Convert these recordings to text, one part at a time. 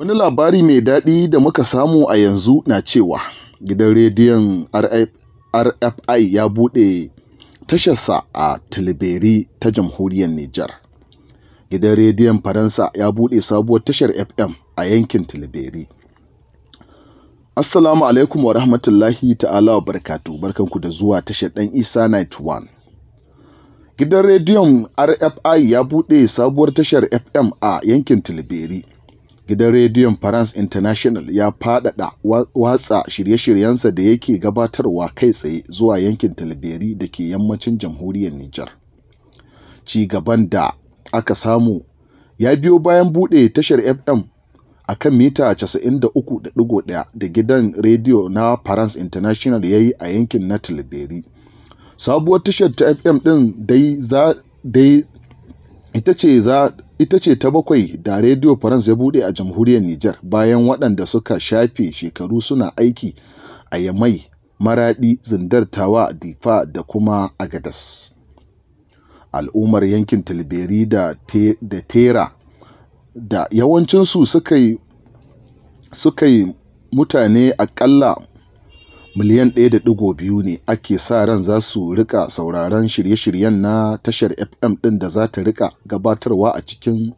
Wani labari mai daɗi da muka samu a yanzu na cewa gidan rediyon RFI ya buɗe tasharsa a Tilibiri ta Jamhuriyar Nijar. Gidan Rediyon Faransa ya buɗe sabuwar tashar FM a yankin Tilibiri. Assalamu alaikum wa rahmatullahi ta'ala wa barkatu barkanku da zuwa tashar ɗan Isa 91. Gidan rediyon RFI ya buɗe sabuwar tashar FM a yankin Tilibiri Gidan Rediyon France International ya fadada watsa shirye-shiryensa da yake gabatarwa kai tsaye zuwa yankin talberi da ke yammacin jamhuriyar Nijar. Ci gaban da aka samu ya biyo bayan bude tashar FM a kan mita 93.1 da Gidan Rediyo na France International ya yi a yankin na talberi. Sabuwar tashar ta FM ɗin dai ita ce za ita ce ta bakwai da rediyo France ya bude a jamhuriyar Nijar bayan waɗanda suka shafe shekaru suna aiki a Yamai, Maraɗi, Zindartawa, Difa da kuma Agadas. Al'ummar yankin talberi da, te, da Tera da yawancinsu suka yi mutane akalla miliyan 1.2 ne ake sa ran za su rika sauraron shirye-shiryen na tashar FM ɗin da za ta rika gabatarwa a cikin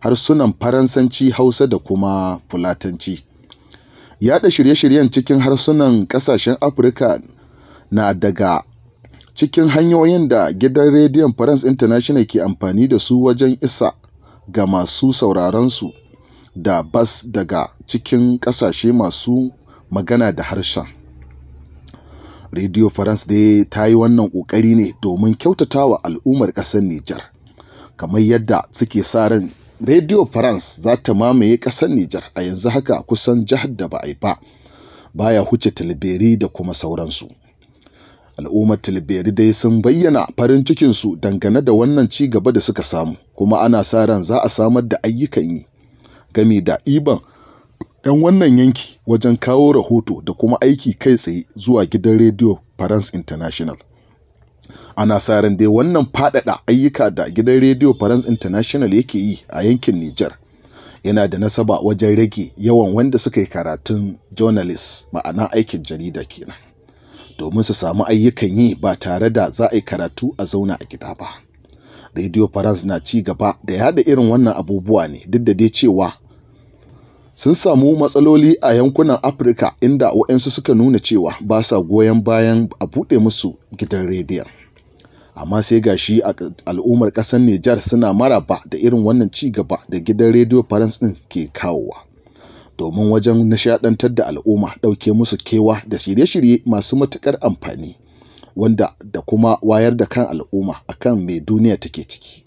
harsunan Faransanci, Hausa da kuma Fulatanci. Yaɗa shirye-shiryen cikin harsunan ƙasashen Afirka na daga cikin hanyoyin da gidan Rediyon France International ke amfani da su wajen isa ga masu sauraronsu da bas daga cikin ƙasashe masu magana da harshen. Radio France dai ta yi wannan ƙoƙari ne domin kyautatawa al'ummar ƙasar Nijar. Kamar yadda suke sa ran Radio France za ta mamaye ƙasar Nijar a yanzu haka kusan jihar da ba a yi ba, baya huce Tilberi da kuma sauransu. Al'ummar Tilberi dai sun bayyana farin cikinsu dangane da wannan ci gaba da suka samu, kuma ana sa ran za a samar da ayyukan yi. Gami da Iban 'yan wannan yanki wajen kawo rahoto da kuma aiki kai tsaye zuwa gidan Rediyo France International. Ana sa ran dai wannan faɗaɗa ayyuka da gidan Rediyo France International yake yi a yankin Nijar yana da nasaba wajen rage yawan wanda suka yi karatun journalist ma'ana aikin jarida kenan domin su samu ayyukan yi ba tare da za a yi karatu a zauna a gida ba. Rediyo France na ci gaba da yada irin wannan abubuwa ne duk da dai cewa Sun samu matsaloli a yankunan Afirka inda waɗansu suka nuna cewa ba sa goyon bayan a buɗe musu gidan rediyon. Amma sai gashi a al'ummar ƙasar Nijar suna maraba da irin wannan ci gaba da Gidan Rediyo farans ɗin ke kawowa, domin wajen nishaɗantar da al'umma, ɗauke musu kewa da shirye-shirye masu matuƙar amfani, wanda da kuma wayar da kan al'umma akan mai me duniya take ciki.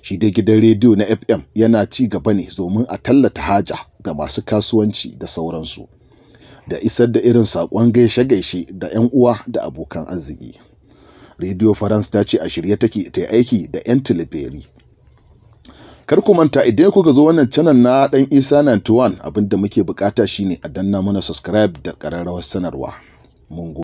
Shi dai gidan rediyo na FM yana ci gaba ne domin a tallata haja da masu kasuwanci da sauransu da isar da irin saƙon gaishe-gaishe da 'yan uwa da abokan arziki rediyo france ta ce a shirye take ta aiki da 'yan tilibiri kar ku manta idan kuka zo wannan canal na dan isa 91 abinda muke bukata shine a danna mana subscribe da ƙararrawar sanarwa mun